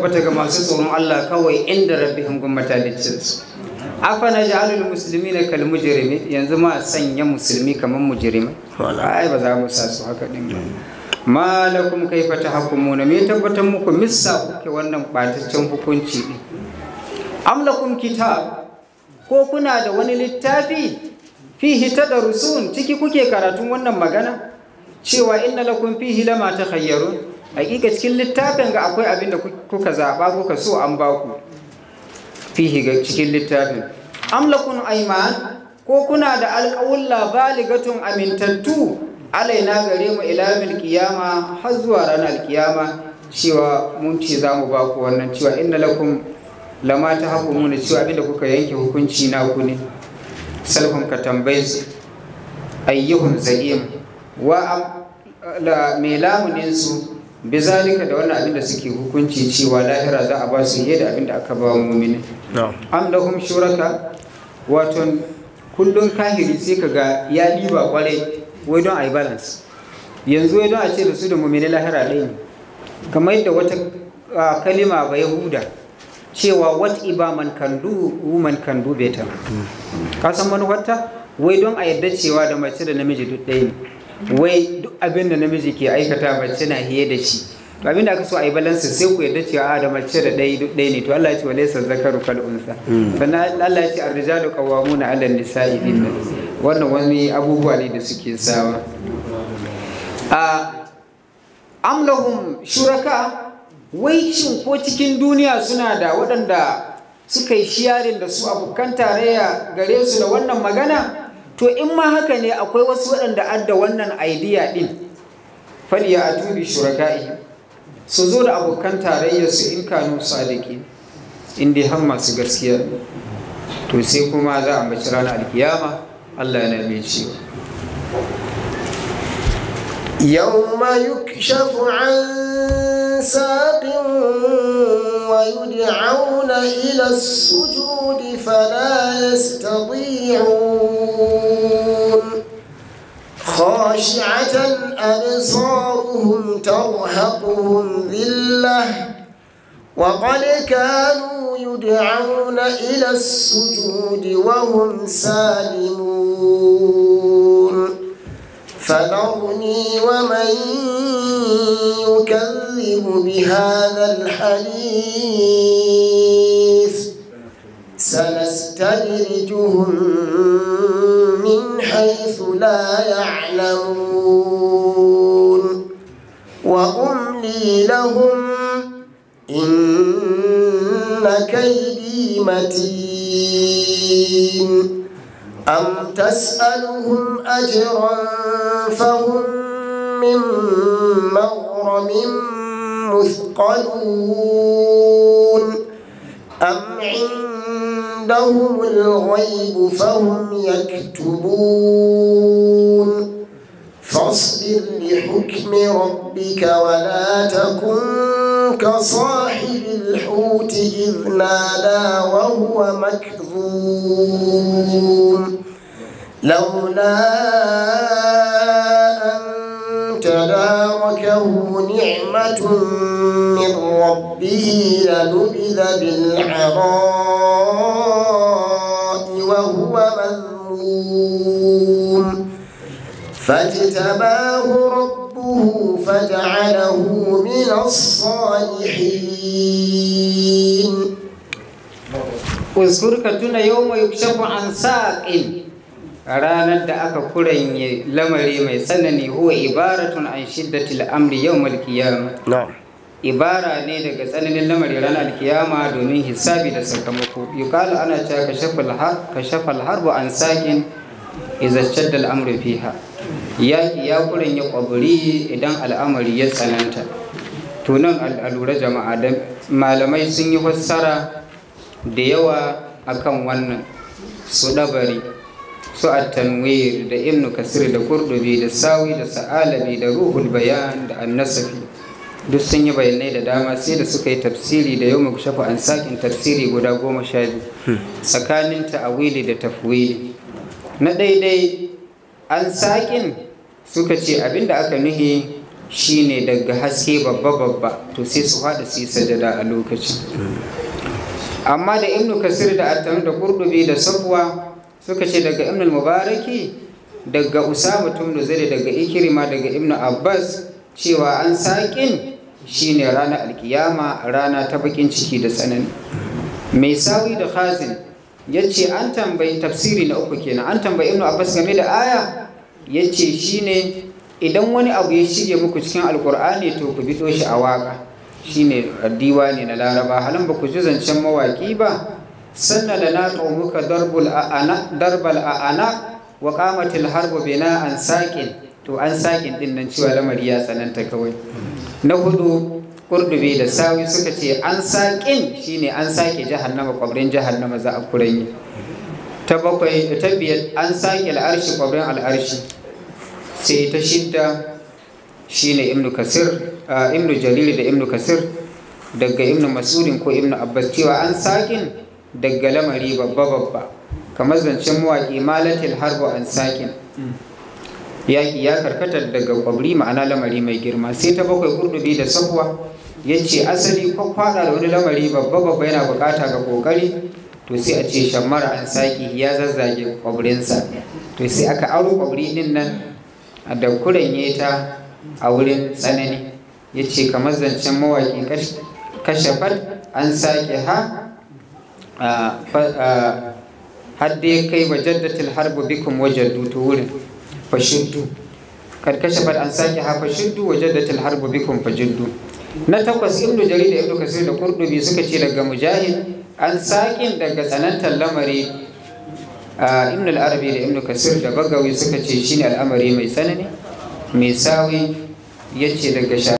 tabbata ga masu tsoron Allah kawai inda Afa na ji alul musulmi na kal mujirimi yanzu ma sanya musulmi kamar mujirimi. ai ba za mu sa su haka din ba malakum kaifa tahkumuna me tabbatar muku missa kuke wannan ɓataccen hukunci din am lakum kitab ko kuna da wani littafi fihi ta tadrusun ciki kuke karatun wannan magana cewa inna lakum fihi lama Khayyarun. hakika cikin littafin ga akwai abinda kuka zaɓa kuka so an ba ku fihi ga cikin littafin amlakun aiman ko kuna da alƙawulla baligatun amintattu alaina gare mu ilamin kiyama har zuwa ranar kiyama cewa mun ce za mu ba ku wannan cewa inna lakum lama ta haku muna cewa abin kuka yanke hukunci na ku ne salhun ka tambayi su ayyuhun za'im wa mai lamuninsu bizalika da wannan abin da suke hukunci cewa lahira za a ba su da abin da aka ba mumini am lahum shuraka wato kullum kahiri sai ka ga ya liba kwarai wai don a yi balance yanzu wai don a ce da su da mumini lahira ɗaya ne kamar yadda wata kalima ba yahuda cewa what iba man kan do woman kan du beta hmm. ka san manufarta wai don a yadda cewa da mace da namiji duk ɗaya ne wai duk abin da namiji ke aikata mace na hiye da shi to abin da aka so a yi balansa sai ku yarda cewa a ah, da mace da ɗaya duk ɗaya ne to Allah ya ce walaysa zakaru kal unsa sannan Allah ya ce ar-rijalu qawwamuna 'ala an-nisa'i wannan wani abubuwa ne da suke sawa a am shuraka wai shin ko cikin duniya suna da waɗanda suka yi shiyarin da su abokan tarayya gare su da wannan magana to in ma haka ne akwai wasu waɗanda adda wannan idea ɗin faliya a tubi shuraka'i su zo da abokan su in kanu sadiki in dai har masu gaskiya to sai kuma za a mace ranar alkiyama allah yana mai cewa yi يكشف an saƙin ويدعون إلى السجود فلا يستطيعون خاشعة أبصارهم ترهقهم ذلة وقد كانوا يدعون إلى السجود وهم سالمون فذرني ومن يكذب بهذا الحديث سنستدرجهم من حيث لا يعلمون وأملي لهم إن كيدي متين أم تسألهم أجرا فهم من مغرم مثقلون أم عندهم الغيب فهم يكتبون فاصبر لحكم ربك ولا تكن كصاحب الحوت إذ نادى وهو مكذوب لولا له نعمة من ربه لنبذ بالعراء وهو مذموم فاجتباه ربه فجعله من الصالحين اذكرك دون يوم يكشف عن ساق A ranar da aka kuranye lamari mai tsanani huwa ibaratun an shiddatil amri yau qiyamah ibara ne daga tsananin lamari ranar alkiyama domin hisabi da sakamako yukalu ana cewa ka shafal harbu an sakin izaccar da al'amri fiha Yaki ya kurin ya kwaburi idan al'amari ya tsananta tunan al'alura jama'a da malamai sun yi fassara da yawa akan wannan su ɗabari su at-tanwir da ibn kasir da qurdubi da sawi da sa'alabi da ruhul bayan da an duk sun yi bayanai da dama sai da suka yi tafsiri da yau shafa an sakin tafsiri guda goma sha biyu tsakanin ta'awili da tafwili na daidai an sakin suka ce abinda aka nuhi shine daga haske babba babba to sai su haɗa su yi sajada a lokaci. amma da ibnu kasir da attam da kurdubi da safwa suka ce daga ibn mubaraki daga usama tunu zai daga ikirima daga ibn abbas cewa an saƙin shine rana alkiyama rana ta bakin ciki da tsanani mai sawi da khazin ya ce an tambayi tafsiri na uku kenan an tambayi ibn abbas game da aya ya ce shine idan wani abu ya shige muku cikin alkur'ani to ku bi shi a waka shine addiwa ne na laraba halin ba ku ji zancen mawaki ba Sannan da na darbul a'ana darbal a'ana wa qamatil harbu bina an saqin to an saqin din nan cewa lamari ya tsananta kawai na hudu kurdubi da sawi suka ce an saqin shine an sake jahannama kwabrin jahannama za a kuranye ta bakwai ta biyar an saqil arshi kwabrin al'arshi sai ta shidda shine ibnu kasir ibnu jalil da ibnu kasir daga ibnu mas'udin ko ibnu abbas cewa an saqin daga lamari babba babba kamar zancen mawaƙi malatil harbo an sakin yaƙi ya karkata daga kwabri ma'ana lamari mai girma sai ta bakwai kurdubi da sabuwa ya ce asali kwakwaɗa da wani lamari babba babba yana buƙata ga ƙoƙari. to sai a ce shammara an saki ya zazzage kwabrinsa to sai aka aro kwabri din nan da kuranye ta a wurin tsanani ya ce kamar zancen mawaƙi kashe fat an sake ha har ya kai wa jaddatin harbu bikum wajaddu dutu wurin fashiddu karkashin kashafa an saki ha fashiddu wa jaddatin harbu bikum fajiddu na takwas ibnu jari da ibnu kasir da qurdubi suka ce daga mujahid an sake daga tsanantar lamari ibn arabi da ibnu kasir da bagawi suka ce shine al'amari mai tsanani mai sawi ce daga